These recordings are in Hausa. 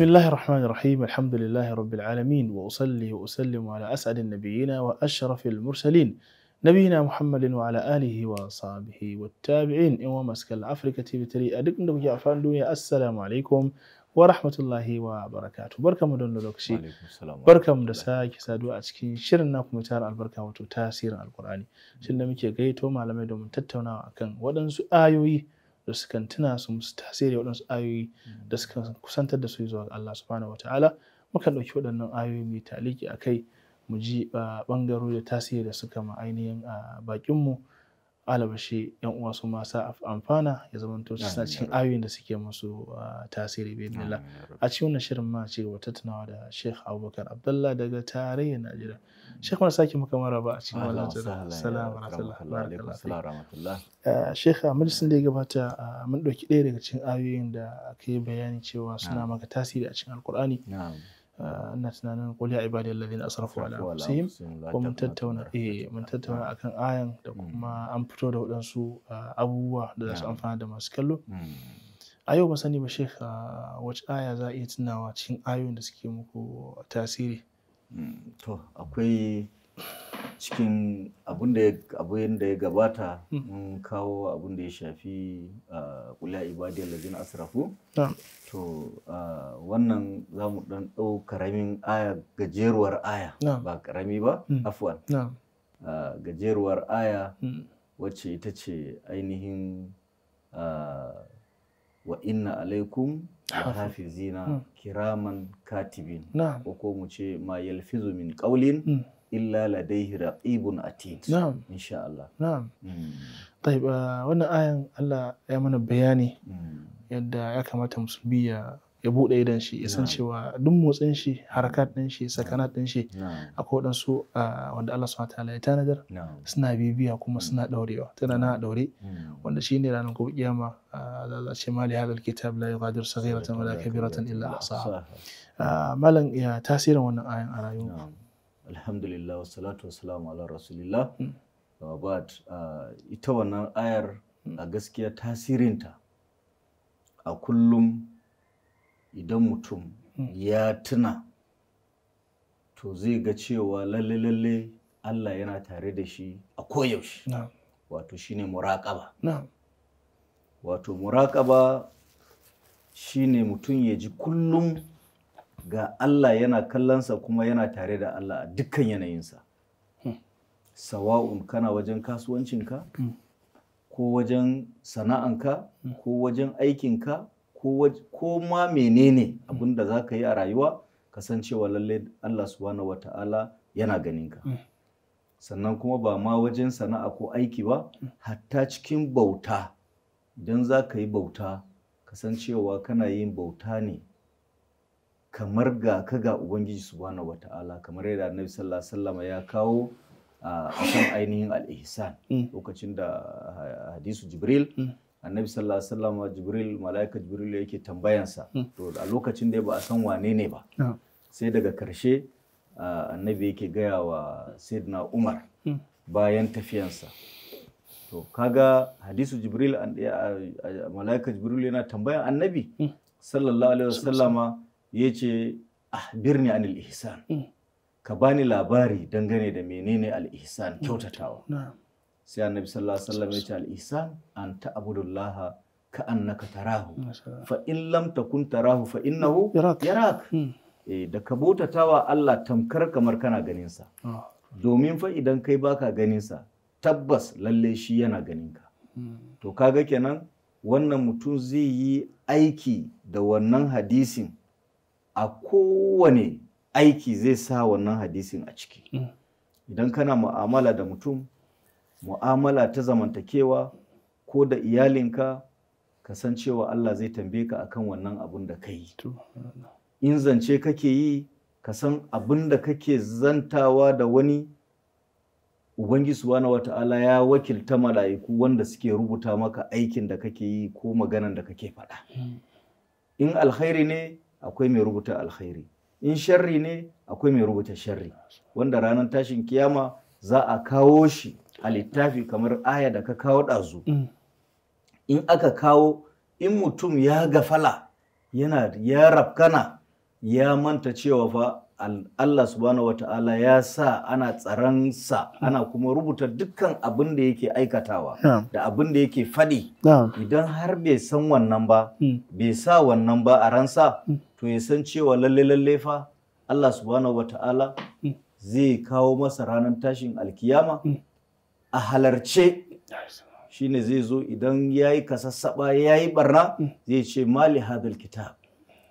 بسم الله الرحمن الرحيم الحمد لله رب العالمين وأصلي وأسلم على أسعد النبيين وأشرف المرسلين نبينا محمد وعلى آله وصحبه والتابعين إمام أسكال أفريكا تي في تري أدك ندب يا السلام عليكم ورحمة الله وبركاته بركة مدن لوكشي بركة مدسا كسادو أتكين شرنا كمتار البركة وتو تاسير القرآن شرنا مكي غيتو معلمي دوم تتونا وأكن ودنسو آيوي da sukan tuna su musu tasiri waɗansu ayoyi da sukan kusantar da su zuwa ga Allah subhanahu wataala mukan ɗauki waɗannan ayoyi mai taliki a kai mu ji ah, ɓangaro da tasiri da suka ma ainihin a ah, bakinmu alabashi yan uwa su masa amfana ya zama to suna cikin ayoyin da suke musu ah, tasiri bi nila a cikin wannan shirin ma ce wata tunawa da Sheikh Abubakar Abdullah daga tarayyar Najeriya Sheikh mun saki muka ba a cikin wannan tunawa salamu alaikum ah, Sheikh a sun da ya gabata ah, mun dauki ɗaya daga cikin ayoyin da aka yi bayani cewa suna maka tasiri a cikin Alkur'ani Ana tunanin qul ya ibadiyal ladina asrafu ala anfusihim ko mun tattauna eh mun tattauna akan ayan da hmm. kuma an fito da waɗansu ah, abubuwa da za su amfana da masu kallo hmm. a yau ba sani ba sheikh ah, wace aya za a iya tunawa cikin ayoyin da suke muku tasiri hmm, cikin abin da ya gabata hmm. mun kawo abin da ya shafi kula ah, ibadiyar lajin asrafu to ah, wannan za mu dan ɗau karamin aya gajeruwar aya ba karami ba hmm. afuwan ah, gajeruwar aya hmm. wacce ita ce ainihin wa inna alaikum hafizina kiraman katibin ko ko mu ce ma yalfizu min illa ladaihi raqibun atid na'am insha Allah na'am hmm. uh, wannan ayan Allah ya mana bayani hmm. yadda ya kamata musulmi biya ya buɗe idan shi ya san cewa duk motsin shi harakat ɗin shi sakanat ɗin shi akwai waɗansu uh, wanda Allah subhanahu ta'ala ya tanadar suna bibiya kuma hmm. suna ɗaurewa tana na a daure. wanda shine ranar gobe kiyama uh, za a ce mali hadal kitab la yughadiru saghiratan wala kabiratan illa ahsaha malam ya tasirin wannan ayan a rayuwa alhamdulillah wassalatu wassalamu ala rasulillah hmm. but ah, ita wannan ayar hmm. a gaskiya tasirinta a kullum idan mutum hmm. ya tuna to zai ga cewa lalle-lalle Allah yana tare da shi a koyaushe wato shine muraƙaba wato muraƙaba shine mutum ya ji kullum ga Allah yana kallonsa kuma yana tare da Allah a dukkan yanayinsa hmm. sawa'un kana wajen kasuwancinka hmm. ko wajen sana'anka hmm. ko wajen aikinka ko ma menene abin da za ka yi a rayuwa kasancewa lalle Allah subhanahu wa ta'ala yana ganinka sannan kuma ba ma wajen sana'a ko aiki ba hatta cikin bauta idan za ka yi bauta kasancewa kana yin bauta ne kamar ga ka ga ubangiji subhanahu ta'ala kamar yadda annabi sallallahu alaihi wasallam ya kawo a kan ainihin al-ihsan mm. lokacin da hadisu jibril mm. annabi sallallahu alaihi wasallam jibril malaika jibril yake tambayansa mm. to a lokacin da ba a san wane ne ba sai daga karshe annabi yake gaya wa sayyidina umar bayan tafiyansa to kaga hadisu jibril malaika jibril yana tambayan annabi sallallahu alaihi wasallama ya ce birni anil ihsan eh. ka bani labari dangane da menene al-ihsan kyautatawa sai annabi sallallahu alaihi wasallam ya ce al-ihsan an ta'budullaha ka annaka tarahu fa in lam takun tarahu fa innahu yarak hmm. eh da ka bautatawa Allah tamkar kamar kana ganin sa ah. domin fa idan kai baka ganin sa tabbas lalle shi yana ganin hmm. ka to kaga kenan wannan mutum zai yi aiki da wannan hadisin a kowane aiki zai sa wannan hadisin a ciki mm. idan kana mu'amala da mutum mu'amala ta zamantakewa ko da iyalinka ka san cewa Allah zai tambaye ka akan wannan abun da ka yi in zance kake yi ka san abin da kake zantawa da wani Ubangiji wata wata'ala ya wakilta mala'iku wanda suke rubuta maka aikin da kake yi ko maganan da kake faɗa. Mm. In alkhairi ne akwai mai rubuta alkhairi in sharri ne akwai mai rubuta sharri wanda ranar tashin kiyama za a kawo shi a littafi kamar aya da ka kawo ɗazu mm. in aka kawo in mutum ya gafala yana ya rafkana ya manta cewa fa Allah subhanahu ta'ala ya sa ana tsaransa ana kuma rubuta dukkan abin da yake aikatawa da abin da yake faɗi idan har bai san wannan ba hmm. bai sa wannan ba a ransa hmm. to ya san cewa lalle lalle fa Allah subhanahu ta'ala hmm. zai kawo masa ranar tashin alkiyama a halarce shine zai zo idan ya yi kasassaba ya yi barna zai ce mali hadal kitab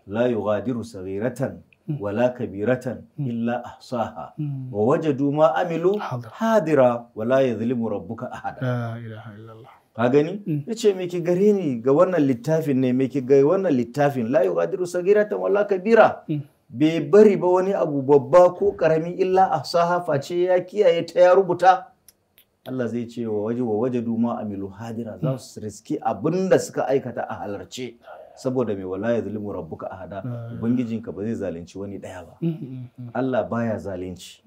la yughadiru saghiratan Hmm. wala kabiratan hmm. illa ahsaha hmm. wa wajadu ma amilu hadira wala yadhlimu rabbuka ahada la ka gani yace me ki gare ni ga wannan littafin ne me ki ga wannan littafin la yughadiru sagiratan wala kabira bai bari ba wani abu babba ko karami illa ahsaha face ya kiyaye ta ya rubuta Allah zai ce wa waje wa duma amilu hadira za su riski abinda suka aikata a halarce. saboda mai wala ya zulmu rabbuka ahada ah. ubangijinka ba zai zalunci wani daya ba mm, mm, mm. Allah baya zalunci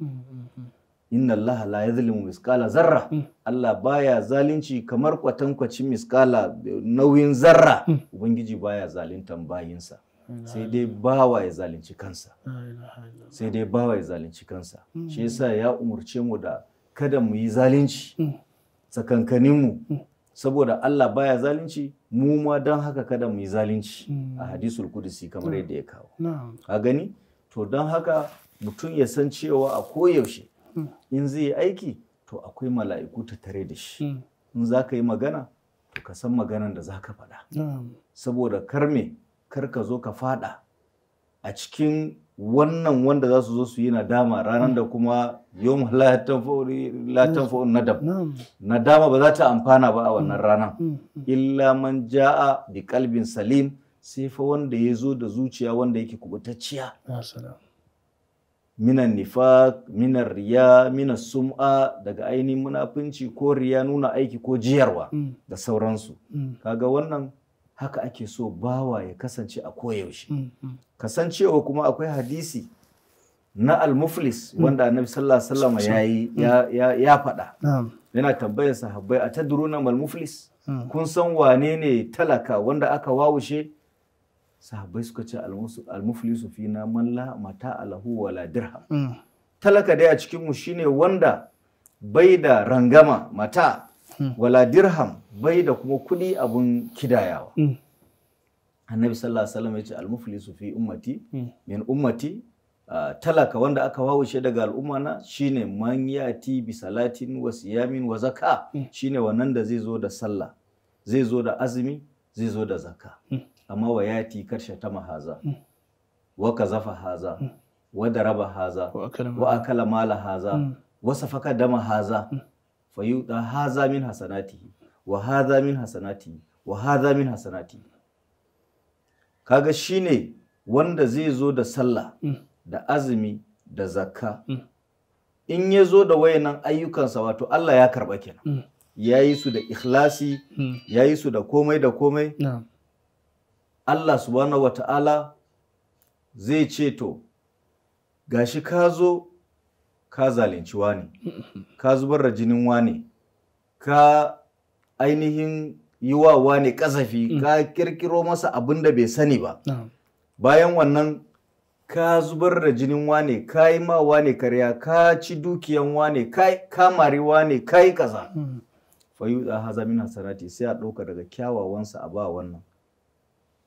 inna Allah la yazlimu miskala zarra Allah baya zalunci kamar kwatankwacin miskala nauyin zarra ubangiji baya zalintan bayinsa sai dai bawa ya zalunci kansa sai dai bawa ya zalunci kansa shi yasa ya umurce mu da kada mu yi zalunci tsakankaninmu saboda Allah baya zalunci mu ma don haka kada mu yi zalunci hmm. a hadisul kudusi kamar hmm. yadda ya kawo a gani to don haka mutum ya san cewa a koyaushe hmm. in zai yi aiki to akwai mala'iku ta tare da shi in za ka yi magana to ka san maganan da za ka faɗa saboda kar me kar ka zo ka faɗa a cikin wannan wanda za su zo su yi nadama ranar da kuma yom latan fa'un nadam nadama ba za ta amfana ba a wannan mm. ranar mm, mm. illa man ja'a bi kalbin salim sai fa wanda ya zo da zuciya wanda yake kubutacciya ah, minan nifaq minan riya minan sum'a daga ainihin munafunci ko riya nuna aiki ko jiyarwa da sauransu kaga wannan haka ake so bawa ya kasance a koyaushe mm, mm. kasancewa kuma akwai hadisi na almuflis mm. wanda annabi sallallahu alaihi wasallam ya ya faɗa yana tambayar sahabbai a tadruna mal muflis kun san wane ne talaka wanda aka wawushe sahabbai suka ce almuflisu fi na man la mata alahu wala dirham talaka dai a cikin mu shine wanda bai da rangama mata Hmm. wala dirham bai da kuma kuɗi abun kidayawa hmm. annabi sallallahu alaihi wasallam ya ce almuflisu fi ummati hmm. min ummati talaka wanda aka wawushe daga al'umma na shine man yati bi salatin wa siyamin wa zaka shine wannan da zai zo da sallah zai zo da azumi zai zo da zaka amma wa yati karshe ta mahaza wa kazafa haza wa daraba haza wa akala mala haza wa safaka dama haza fa yuda haza min hasanati wa haza min hasanati wa haza min hasanati kaga shine wanda zai zo da sallah mm. da azumi da zakka mm. in ya zo da wayannan ayyukansa wato Allah ya karɓa kenan mm. ya yi su da ikhlasi ya yi su da komai da komai Allah subhanahu Ta'ala zai ce to gashi ka zo ka zalunci wane ka zubar da jinin wane ka ainihin yi wa wani kasafi mm. ka kirkiro masa abin da bai sani ba bayan wannan ka zubar da jinin wani ka yi ma wani karya ka ci dukiyan wani ka mari wani ka yi kaza mm. fayuda haza min hasarati sai a ɗauka daga kyawawansa a ba wannan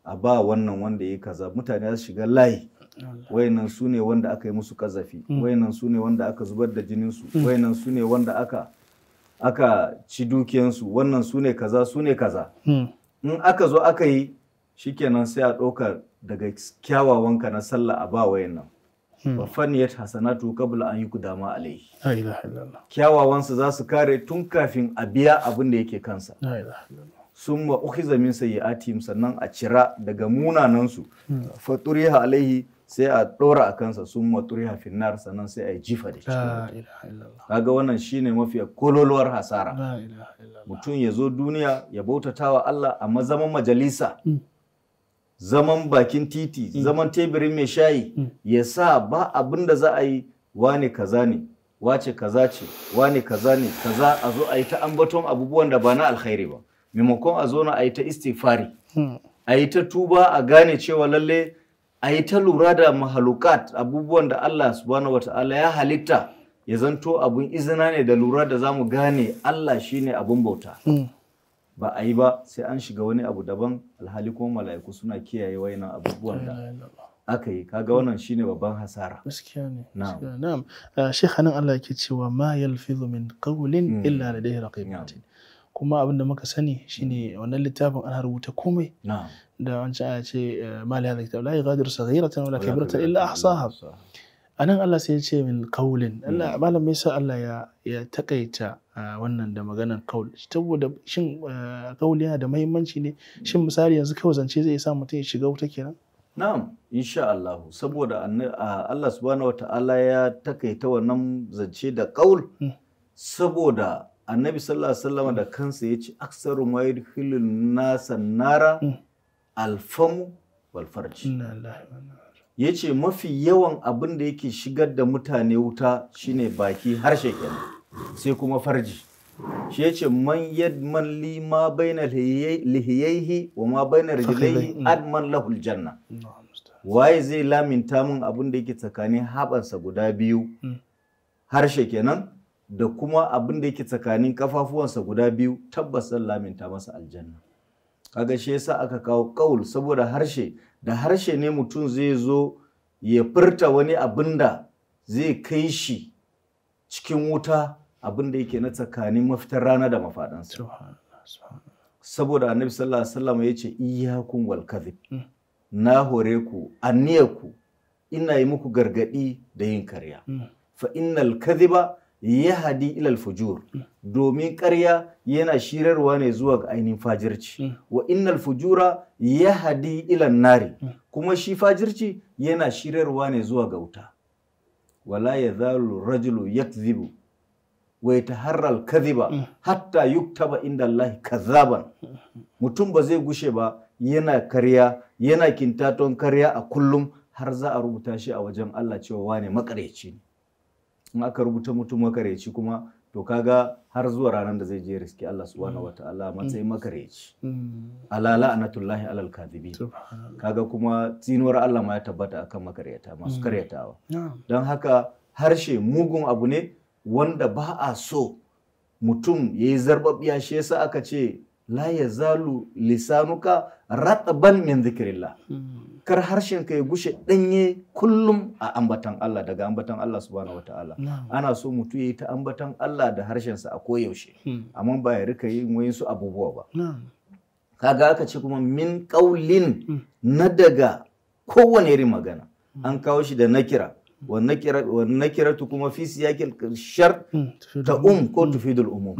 a ba wannan wanda ya kaza mutane za su shiga layi wayannan su ne wanda aka yi musu kazafi mm. wayannan su ne wanda aka zubar da jininsu mm. wayannan su ne wanda aka aka ci dukiyansu wannan su ne kaza su ne kaza mm. in aka zo aka yi shikenan sai a ɗaukar daga kyawawan ka na sallah a ba wayannan ba faniyat hasanatu qabla an dama alayhi kyawawansu za su kare tun kafin a biya abin da yake kansa sun ma uhiza min sayyi'atihim sannan a cira daga munanansu faturiha alaihi sai a ɗora a kansa sun maturi hafinar sannan sai a yi jifa da cikin kaga wannan shine mafi kololuwar hasara mutum ya zo duniya ya bautata wa Allah amma zaman majalisa mm. zaman bakin titi mm. zaman teburin mai shayi mm. ya sa ba abin da za a yi wane kaza ne wace kaza ce wane kaza ne kaza a zo a yi ta ambaton abubuwan da ba na alkhairi ba maimakon a zo na a yi ta istifari a yi ta tuba a gane cewa lalle a yi ta lura da mahalukat abubuwan da Allah subhanahu wa ta'ala ya halitta ya zanto abun izina ne da lura da zamu gane Allah shine abun bauta hmm. ba a yi ba sai an shiga wani abu daban alhali kuma mala'iku suna kiyaye wayannan abubuwan da aka yi kaga wannan shine babban hasara gaskiya ne na'am ah, shekhanin Allah yake cewa ma yalfizu min qawlin hmm. illa ladayhi raqibun kuma abin da muka sani shine mm. wannan littafin ana rubuta komai da wancan aya ce eh, mali hada kitab la yughadiru saghiratan wala kabiratan illa ahsaha anan Allah sai ya ce min kaulin mm. Allah malam me yasa Allah ya ya takaita eh, wannan da maganar kaul saboda shin eh, kaul yana da muhimmanci ne shin misali yanzu kawai zance zai sa mutum ya shiga wuta kenan Na'am, insha Allah, saboda Allah subhanahu wa ta'ala ya takaita wannan zance da kaul mm. saboda annabi sallallahu alaihi wasallam da kansa ya ce aksaru ma yadkhulun nasa nara hmm. alfamu wal farji ya ce mafi yawan abin da yake shigar da mutane wuta shine baki harshe kenan sai kuma farji shi ya ce man man li ma baina lihiyaihi wa ma baina rijlaihi hmm. adman lahul janna waye zai laminta min abin da yake tsakanin habansa guda biyu hmm. harshe kenan da kuma abin da yake tsakanin kafafuwansa guda biyu tabbas zan laminta masa aljanna kaga shi yasa aka kawo kaul saboda harshe da harshe ne mutum zai zo ya furta wani abin da zai kai shi cikin wuta abin da yake na tsakanin mafitar rana da mafaɗansa saboda annabi sallallahu alaihi wasallam ya ce iyyakum wal kadhib hmm. na hore ku anniyaku ina yi muku gargadi da yin karya hmm. fa innal kadhiba yahadi ilal fujur domin karya yana shirarwa ne zuwa ga ainihin fajirci mm. wa innal fujura yahadi ilal nari mm. kuma shi fajirci yana shirarwa ne zuwa ga wuta wala yazalu rajulu yakzibu wa yataharra kazi ba mm. hatta yuktaba inda Allah kazaban mutum ba zai gushe ba yana karya yana kintaton karya a kullum har za a rubuta shi a wajen Allah cewa wane makareci ne in aka rubuta mutum makareci kuma to kaga har zuwa ranar da zai je riski Allah subhanahu mm. ta'ala matsayin mm. makareci mm. ala la'natullahi alal kadhibi kaga kuma tsinuwar Allah ma ya tabbata akan makaryata masu karyatawa Dan haka harshe mugun abu ne wanda ba a so mutum ya yi zarbabiya shi yasa aka ce la yazalu zalu lisanuka rataban min zikrillah kar harshen ka ya gushe danye kullum a ambatan Allah daga ambatan Allah subhanahu wataala ana so mutum ya yi ta ambatan Allah da harshen sa a koyaushe hmm. amma ba ya rika yin wayansu abubuwa ba kaga aka ce kuma min qaulin hmm. na daga kowane irin magana hmm. an kawo shi da nakira wannan tu kuma fi siyakil shar ta um ko tufidul umum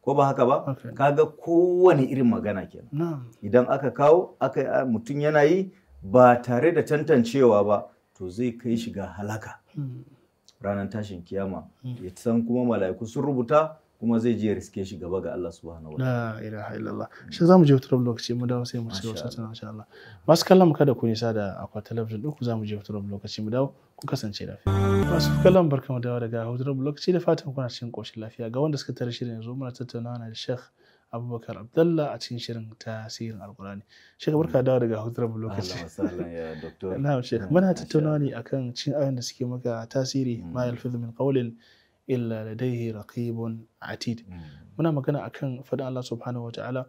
ko ba haka ba kaga kowane irin magana kenan idan aka kawo aka mutum yana yi ba tare da tantancewa ba to zai kai shi ga halaka ranar tashin kiyama ya san kuma mala'iku sun rubuta kuma zai je riske shi gaba ga Allah subhanahu ta'ala la ilaha illallah shi zamu je wutar lokaci mu dawo sai mu ci wasu tana insha Allah masu kallon mu kada ku nisa da akwa talabijin din ku zamu je wutar lokaci mu dawo ku kasance lafiya masu kallon mu dawo daga wutar lokaci da fatan kuna cikin koshin lafiya ga wanda suka tare shirin yanzu muna tattaunawa da Sheikh abubakar abdallah a cikin shirin tasirin alkurani shekar barka dawo daga hutar lokaci muna tattaunawa ne akan cin ayon da suke maka tasiri hmm. ma yalfizu min qawlin illa ladaihi raqibun atid hmm. muna magana akan faɗin Allah subhanahu wataala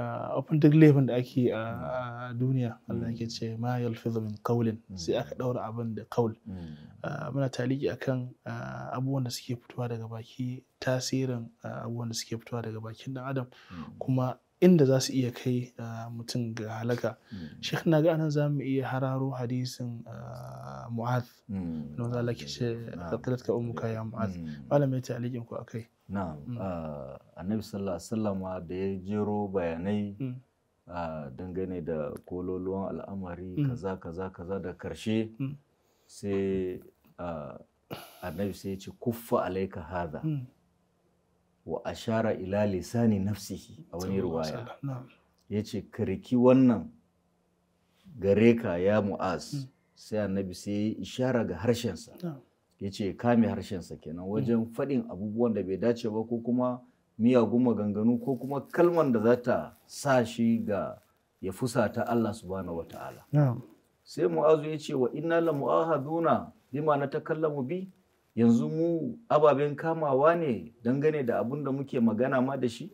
abin duk laifin da ake mm. a duniya Allah mm. yake ce ma yalfizu min qawlin mm. sai aka daura abin da qawl muna taliki akan abubuwan da suke fitowa daga baki tasirin abubuwan da suke fitowa daga bakin dan adam kuma inda za su iya kai mutum ga halaka sheikh na ga anan zamu iya hararo hadisin mu'adh na wanda Allah ke ce ah. ka ummuka ya mu'az malamin ta alikin ku akai na'am mm. ah, annabi sallallahu alaihi wasallama da ya jero bayanai mm. ah, dangane da kololuwan al'amari mm. kaza kaza kaza da karshe sai ah, annabi sai ya ce kuffa alaika hadha wa ashara ila lisani nafsihi a wani ruwaya ya ce kariki wannan gare ka ya mu'az sai annabi sai ya ishara ga harshensa ya ce kame harshensa kenan hmm. wajen faɗin abubuwan da bai dace ba ko kuma miyagun maganganu ko kuma kalman da za ta sa shi ga ya fusata Allah subhanahu wata'ala sai mu'azu ya ce wa inna la mu'ahaduna bima na mu bi yanzu mu ababen kamawa ne dangane da abun da muke magana ma da shi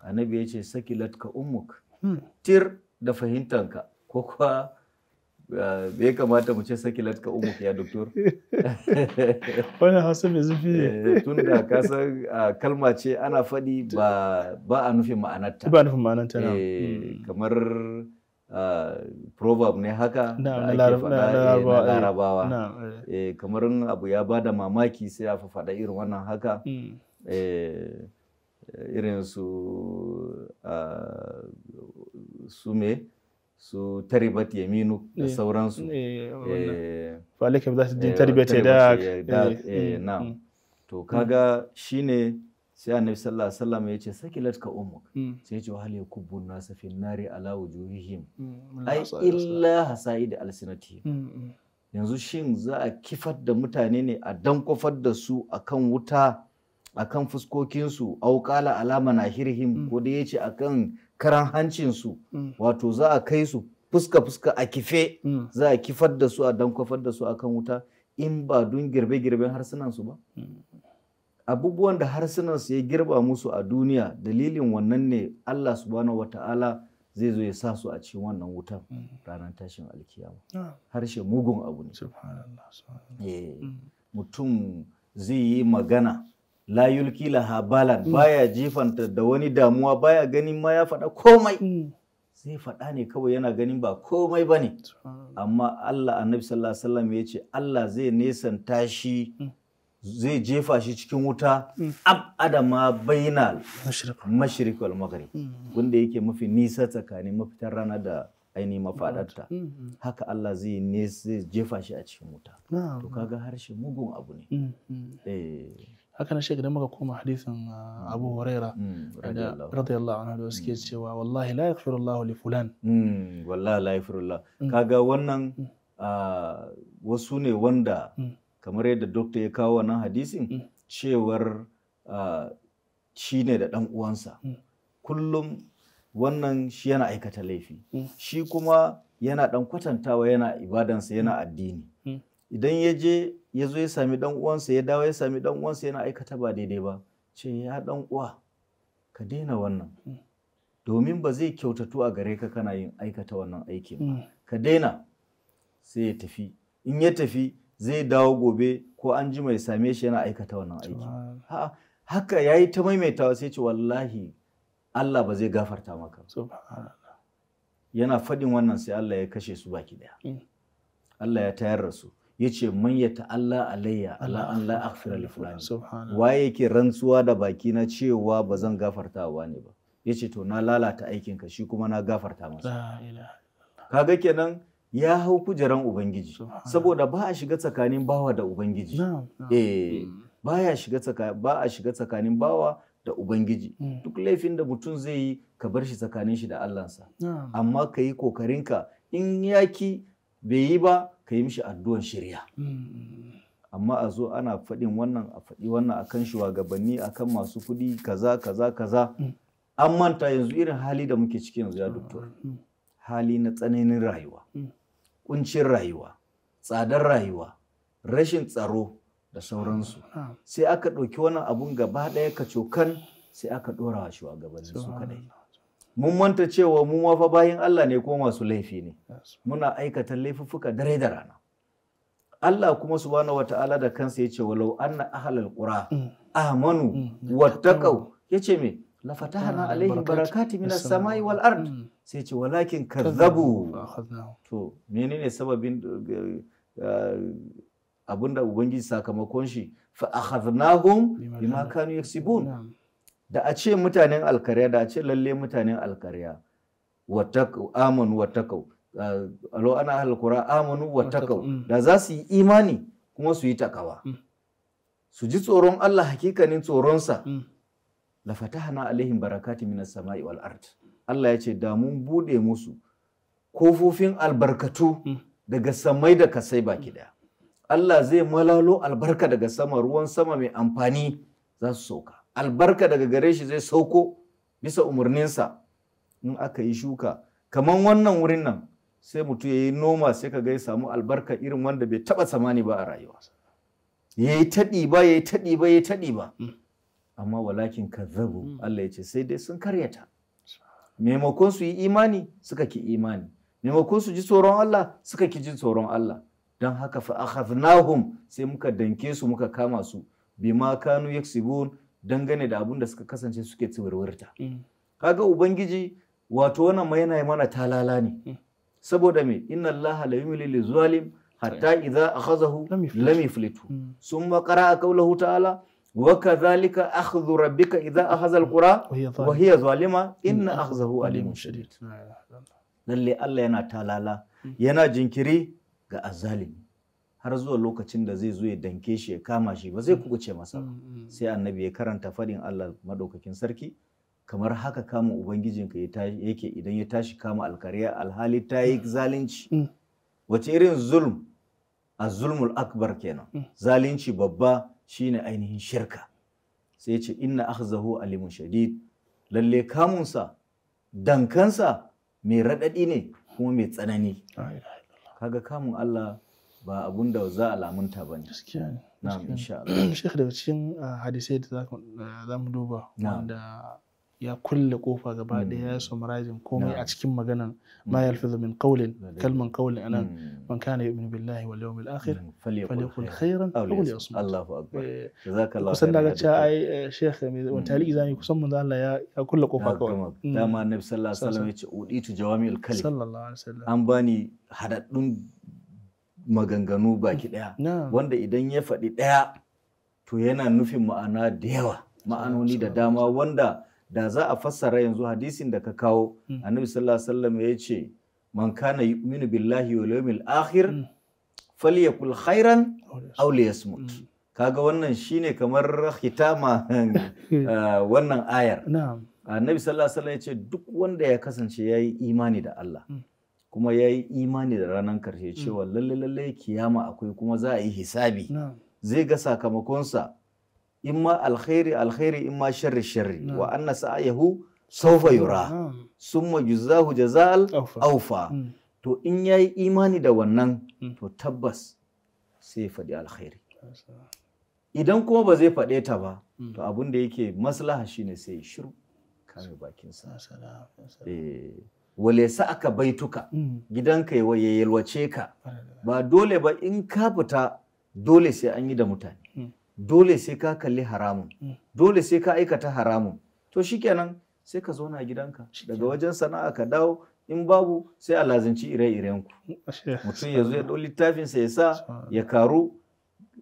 annabi ya ce sakilat ka ummuk hmm. tir da fahimtanka ko kuwa Eh, me ya kamata mu ce sakilat ka umu ya doktor wannan hausa mai zufi ne eh, tun da ka san ah, kalma ce ana faɗi ba a nufin ma'anarta ba a nufin ma'anarta na eh, hmm. kamar ah, proverb ne haka da ake faɗa na larabawa kamar abu ya ba da mamaki sai a faɗa irin wannan haka hmm. irin su ah, su me su taribat yaminu da eh, sauransu falaka za su din taribat ya da to kaga shine sai annabi sallallahu alaihi wasallam ya ce sakilat ka ummuk mm. sai ya ce wahal yakubbu fi nari ala wujuhihim mm, ai illa hasaid alsinati mm, yanzu shin za a kifar da mutane ne a dankofar da su akan wuta akan fuskokinsu auƙala alama na hirhim mm. ko da ya ce akan karan hancinsu mm. wato za a kai su fuska fuska a kife mm. za a kifar da su a dankwafar da su a kan wuta in ba don girbe-girben harsunansu ba abubuwan da harsunansu ya girba musu a duniya dalilin wannan ne Allah subhanahu wata'ala zai zo ya sa su a cikin wannan wutan ranar tashin alkiyama ah. harshe mugun abu ne eh, mutum zai yi magana la yulki laha balan mm. baya jifanta da wani damuwa baya ganin ma ya faɗa komai sai mm. faɗa ne kawai yana ganin ba komai ba ne amma Allah annabi sallallahu alaihi wasallam ya ce Allah zai nesanta tashi mm. zai jefa shi cikin wuta abada ma bainal mashriq wal maghrib wanda yake mafi nisa tsakanin mafitar rana da aini mafadarta haka Allah zai ne jefa shi a cikin wuta to kaga harshe mugun abu ne eh haka na shekaru muka koma hadisin uh, mm. abu huraira mm, da radiyallahu anhu da suke mm. cewa wallahi la yaghfiru Allahu li fulan wallahi la yaghfiru Allah kaga wannan uh, wasu ne wanda kamar yadda dokta ya kawo wannan hadisin cewar uh, shi ne da ɗan uwansa kullum wannan shi yana aikata laifi shi kuma yana ɗan kwatantawa yana ibadansa yana addini idan ya je ya zo ya sami dan uwansa ya dawo ya sami dan uwansa yana aikata ba daidai ba ce ya dan uwa ka daina wannan mm. domin ba zai kyautatu a gare ka kana yin aikata wannan aikin ba mm. ka daina sai ya tafi in ya tafi zai dawo gobe ko an ji mai same shi yana aikata wannan aiki haka ya yi ta maimaitawa sai ce wallahi Allah ba zai gafarta maka yana faɗin wannan sai Allah ya kashe su baki ɗaya mm. Allah ya tayar da su yace man ya ta'alla alayya ala an la akfira li fulani waye yake rantsuwa da baki na cewa ba zan gafartawa ne ba yace to na lalata aikin ka shi kuma na gafarta masa kaga kenan ya hau kujeran ubangiji saboda ba a shiga tsakanin bawa da ubangiji eh hmm. ba ya shiga ba a shiga tsakanin bawa da ubangiji hmm. duk laifin da mutum zai yi ka bar shi tsakanin shi da Allahnsa amma ka yi ka in yaki bai yi ba ka yi mishi addu'an shirya mm. amma a zo ana faɗin wannan a faɗi wannan a kan shugabanni a kan masu kuɗi kaza kaza kaza mm. an manta yanzu irin hali da muke ciki yanzu ya mm. doktor hali na tsananin rayuwa kuncin rayuwa tsadar rayuwa rashin tsaro da sauransu ah, ah. sai aka ɗauki wannan abun gaba ɗaya ka cokan sai aka ɗora wa shugabanni su kaɗai mun manta cewa mu mafa bayan Allah ne ko masu laifi ne muna aikata laifuffuka dare da rana Allah kuma subhanahu wata'ala da kansa yace walau anna ahlal qura mm. amanu mm. wattaqau yace me la fatahna alaihim barakati minas samai wal ard mm. sai ce walakin kazzabu to menene sababin eh, eh, abinda ubangiji sakamakon shi fa akhadnahum bima kanu yaksibun da a ce mutanen alkariya da a ce lalle mutanen alkariya amanu wa takau ah, alo ana halkura amanu wa takau mm. da za su yi imani kuma su yi takawa mm. su ji tsoron Allah hakikanin tsoronsa mm. la fatahna alaihim barakati minas sama'i wal ard Allah ya ce da mun bude musu kofofin albarkatu daga samai da kasai baki daya Allah zai malalo albarka daga sama ruwan sama mai amfani za su sauka albarka daga gare shi zai sauko bisa umarninsa in aka yi shuka kamar wannan wurin nan sai mutum ya yi noma sai ka ga samu albarka irin wanda bai taba tsamani ba a rayuwa ya yi taɗi ba ya yi taɗi ba ya yi taɗi ba mm. amma walakin ka zabu mm. Allah ya ce sai dai sun karyata maimakon su yi imani suka ki imani maimakon su ji tsoron Allah suka ki ji tsoron Allah don haka fa akhadnahum sai muka danke su muka kama su bima kanu yaksibun dangane da abin da suka kasance suke tsibirwirta mm. kaga ubangiji wato wannan ma yana mana talala ne mm. saboda me inna allaha la yumli lil zalim hatta idza akhazahu lam yuflitu mm. summa qara'a qawluhu ta'ala wa kadhalika akhdhu rabbika idza akhadha alqura wa hiya zalima inna akhzahu alimun shadid lalle Allah yana talala yana jinkiri ga azalimi har zuwa lokacin da zai zo ya danke shi ya kama shi ba zai mm. kubuce masa ba mm, mm. sai annabi ya karanta fadin Allah madaukakin sarki kamar haka kama ubangijinka yake idan ya tashi kama alkariya alhali ta yi zalunci wace irin zulm a zulmul akbar kenan zalunci babba shine ainihin shirka sai ce inna akhzahu alimun shadid lalle kamunsa dankansa mai raɗaɗi ne kuma mai tsanani kaga kamun Allah ba abun da za a lamunta ba ne na'am insha Allah shekh daga cikin ah, hadisai da za mu duba wanda ya kulle kofa gaba hmm. ɗaya ya summarizing komai a cikin maganan hmm. ma yalfizu min qawlin kalman qawlin anan hmm. man kana yu'minu billahi wal yawmil akhir falyaqul khairan aw liyasmut Allahu akbar eh, jazakallahu kusan daga cewa ai eh, sheikh mai wani tali zami kusan mun Allah ya ya kulle kofa kawai dama annabi sallallahu alaihi wasallam yace uditu jawami'ul kalim sallallahu alaihi wasallam an bani hadaddun maganganu baki mm. ɗaya wanda idan ya faɗi ɗaya to yana nufin ma'ana da yawa ma'anoni da dama wanda da za a fassara yanzu hadisin da ka kawo mm. annabi sallallahu alaihi wasallam ya ce man kana yu'minu billahi wal yawmil akhir mm. falyakul khairan aw liyasmut kaga wannan shine kamar hitama eh, wannan ayar annabi sallallahu alaihi wasallam ya ce duk wanda ya kasance yayi imani da Allah kuma ya yi imani da ranar karshe mm. cewa lalle lalle kiyama akwai kuma za a yi hisabi zai ga sakamakonsa in ma alkhairi alkhairi in ma sharri sharri wa anna sa'ayahu sawfa yura summa yuzahu jazal aufa mm. to in yayi imani da wannan mm. to tabbas sai faɗi alkhairi idan kuma ba zai faɗe ta ba to abin da yake maslaha shine sai shiru kame wale sa aka baituka mm. gidanka ya yalwace ka ba dole ba in ka fita dole sai an yi da mutane mm. dole sai ka kalli haramun mm. dole sai ka aikata haramun to shikenan sai ka zauna gidanka daga wajen sana'a ka dawo in babu sai a lazinci ire ku mutum ya zo ya littafin littafinsa ya sa ya karu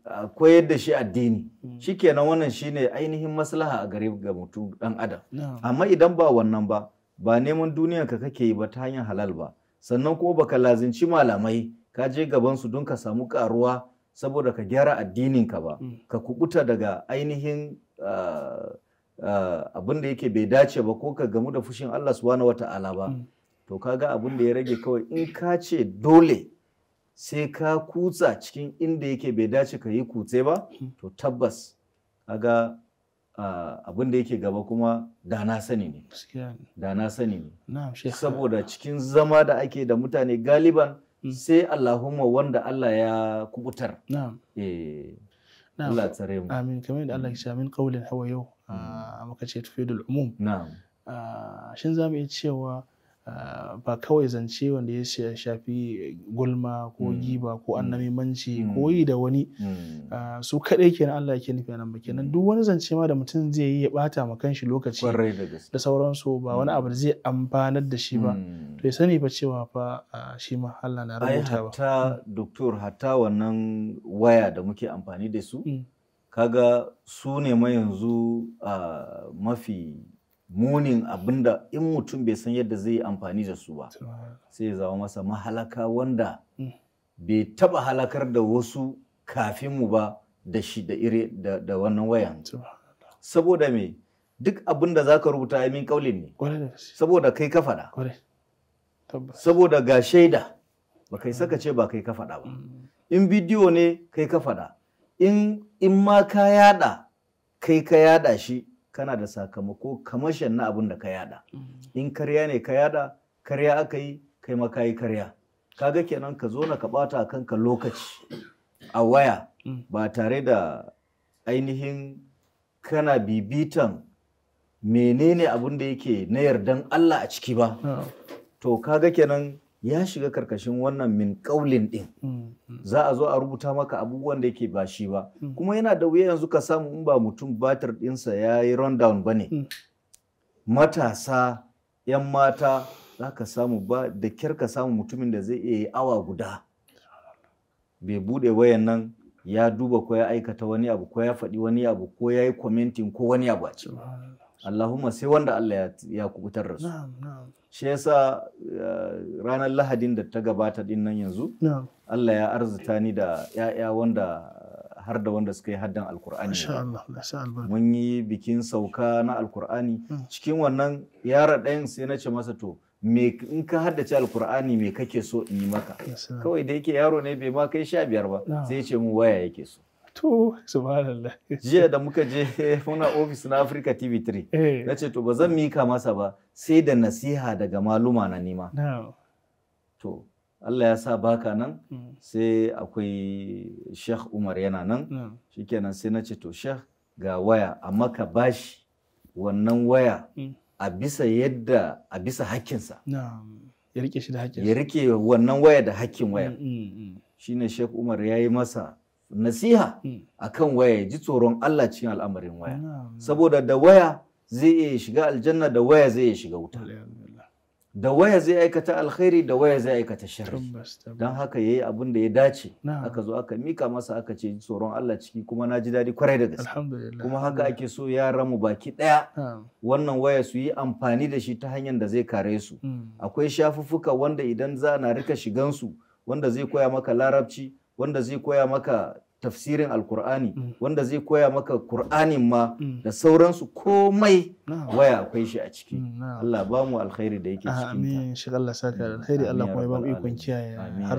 a koyar da shi addini shikenan wannan shine ainihin maslaha a gare ga mutum dan adam amma idan ba wannan ba ba neman duniyan ka kake yi ba ta hanyar halal ba sannan kuma baka lazinci malamai ka je gaban su don ka samu karuwa saboda ka gyara addinin ka ba mm. ka kubuta daga ainihin ah, ah, abin da yake bai dace ba ko ka gamu da fushin Allah subhanahu wata'ala ba mm. to kaga abin da ya rage kawai in ka ce dole sai ka kutsa cikin inda yake bai dace ka yi kutse ba mm. to tabbas kaga abin da yake gaba kuma da na sani ne da na sani ne saboda cikin zama da ake da mutane galiban hmm. sai allahumma wanda allah ya kubutar eh. Allah tsare mu amin kamar da Allah ya ce min qawlin hawa yau hmm. a ah, muka ce tufidul umum na'am ah, shin mu iya cewa Ah, ba kawai zance wanda ya shafi gulma ko hmm. giba ko hmm. annamimanci ko hmm. yi da wani ah, su kaɗai kenan Allah yake nufi nan ba kenan duk wani zance ma da mutum zai yi ya bata ma kanshi lokaci da sauransu ba wani abu zai amfanar da shi ba to ya sani fa cewa fa ah, shi ma Allah na rubuta ba hatta doktor hatta wannan waya da muke amfani da su kaga su ne ma yanzu mafi munin abinda in mutum bai san yadda zai yi amfani da su ba sai ya zama masa mahalaka wanda mm. bai taba halakar da wasu kafin mu ba da shi da ire da wannan wayan saboda me duk abin da ka rubuta ya min kaulin ne saboda kai ka faɗa saboda ga shaida ba kai mm. saka ce ba kai ka faɗa ba mm. in bidiyo ne kai ka faɗa in ma ka yada kai ka yada shi kana da sakamako kamashin na abun da ka yada mm. in karya ne ka yada karya aka yi kai ma ka yi karya kaga kenan ka zo na ka bata kanka lokaci a waya mm. ba tare da ainihin kana bibitan menene abun da yake na yardan Allah a ciki ba oh. to kaga kenan ya shiga karkashin wannan min kaulin din mm, mm. za a zo a rubuta maka abubuwan da yake ba shi ba mm. kuma yana da wuya yanzu ka samu in ba mutum batir dinsa ya yi rundown ba ne matasa 'yan mata za ka samu ba da kyar ka samu mutumin da zai iya yi awa guda bai bude wayan nan ya duba ko ya aikata wani abu ko ya faɗi wani abu ko ya yi commenting ko wani abu a Allahumma sai wanda Allah ya kubutar da su shi yasa eh, ranar lahadin da ta gabata din nan yanzu Allah ya arzuta ni da ya'ya wanda har da wanda suka yi haddan alkur'ani mun yi bikin sauka na alkur'ani hmm. cikin wannan yara ɗayan sai na ce masa to me in ka haddace alkur'ani me kake so in yi maka kawai da yake yaro ne bai ma kai sha biyar ba sai ce mu waya yake so to subhanallah jiya da muka je muna ofis na Africa TV 3 eh. na ce to ba zan mika masa ba sai da nasiha daga maluma na nima to Allah ya sa baka nan mm. sai akwai Sheikh Umar yana nan shikenan sai na ce to Sheikh ga waya amma ka bashi wannan waya mm. a bisa yadda a bisa hakkinsa ya rike shi da hakkin ya rike wannan waya da hakkin waya mm, shine Sheikh Umar ya yi masa nasiha hmm. akan waya ji tsoron Allah cikin al'amarin waya saboda da waya zai iya shiga aljanna da waya zai iya shiga wuta da waya zai aikata alkhairi da waya zai aikata sharri don haka yayi abin da ya dace aka zo aka mika masa aka ce tsoron Allah ciki kuma na ji daɗi kwarai da gaske kuma haka ake so yaran mu baki ɗaya wannan waya su yi amfani da shi ta hanyar da zai kare su hmm. akwai shafuffuka wanda idan za na rika shigan su wanda zai koya maka larabci wanda zai koya maka tafsirin alkur'ani mm. wanda zai koya maka kur'anin ma mm. da sauransu komai waya akwai shi a ciki mm, Allah ba mu alkhairi da yake cikin amin shi Allah saka alkhairi Allah kuma ya ba mu ikon kiyaye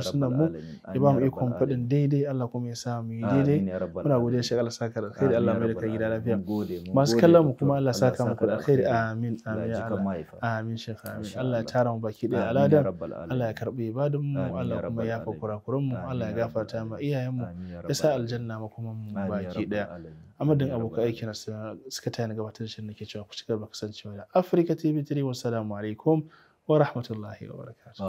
sunan mu ya ba mu ikon faɗin daidai Allah kuma ya sa mu yi daidai muna godiya shi Allah saka alkhairi Allah mai da kai gida lafiya masu kallon mu kuma Allah saka muku alkhairi amin amin amin shi amin Allah ya tara mu baki daya aladan Allah ya karbi ibadun mu Allah kuma ya fa kurakuran mu Allah ya gafarta ma iyayen mu ya sa aljanna makoman mu baki daya amadin abokan aiki na suka na gabatar da shirin nake cewa ku cika kasancewa san cewa Africa TV 3 Wa salamu alaikum wa rahmatullahi wa barakatuh